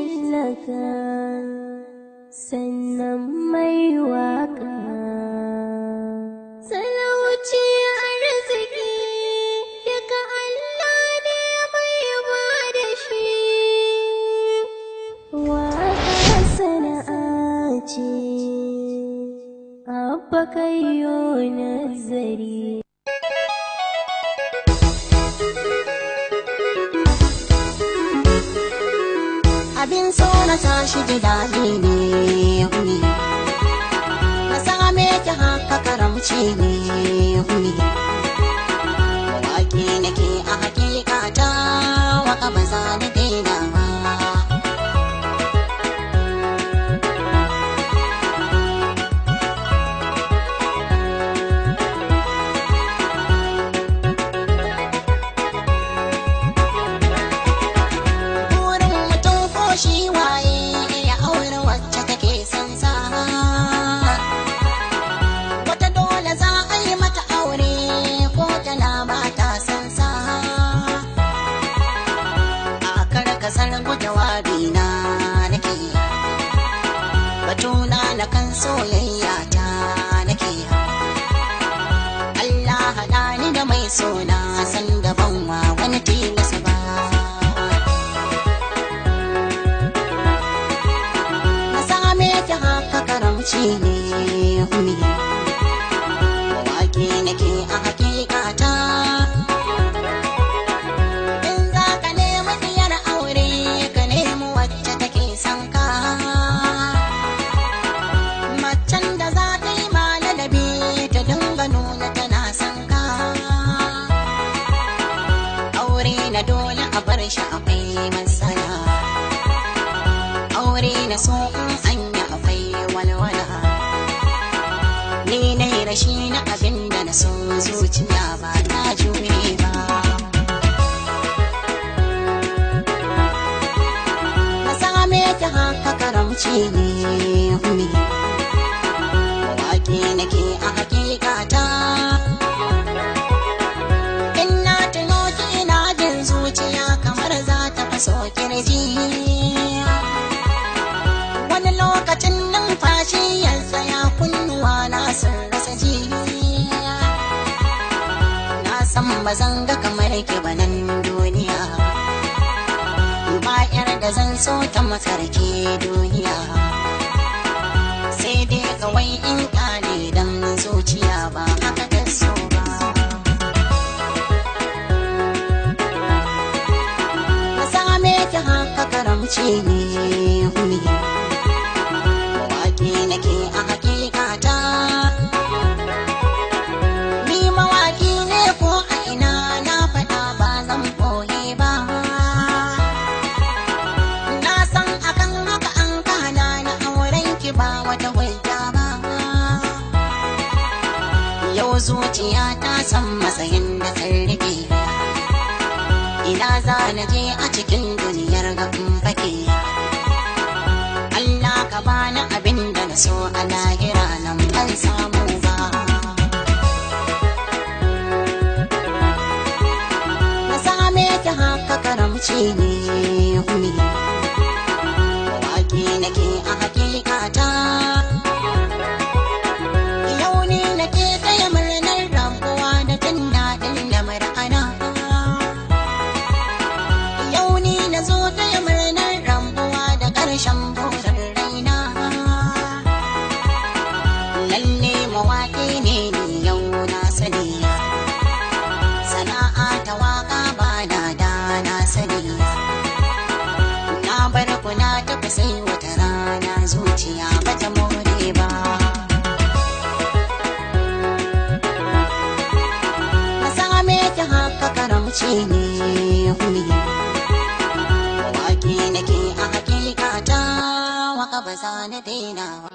mallaka sannan mai waka salauci arziki daga Allah ne mai ba da shi waka sana'a ce abba kayo nazari abin so na tashi ji daɗi ne huni na same ki haka karamci ne huni rabina nake batuna na kan soyayya ta nake Allah haɗa ni da mai sona san da ban wa wani tilasa ba na same ki haka karamci ne aure na dole a bar shi akwai matsala aure na so in anya akwai walwala ni na rashi na abin da na so zuciya ba ta jure ba ta haka karamci ne ba zan ga kamar ki banan duniya bayar da zan so ta masarki duniya sai dai kawai in kane dan zuciya ba haka da so ba same ki haka karamci ne zuciya ta san matsayin da kan rike ina za na je a cikin duniyar ga fake Allah ka bani abin da na so a lahira na ce ne huli waƙi nake a ta waka ba za na daina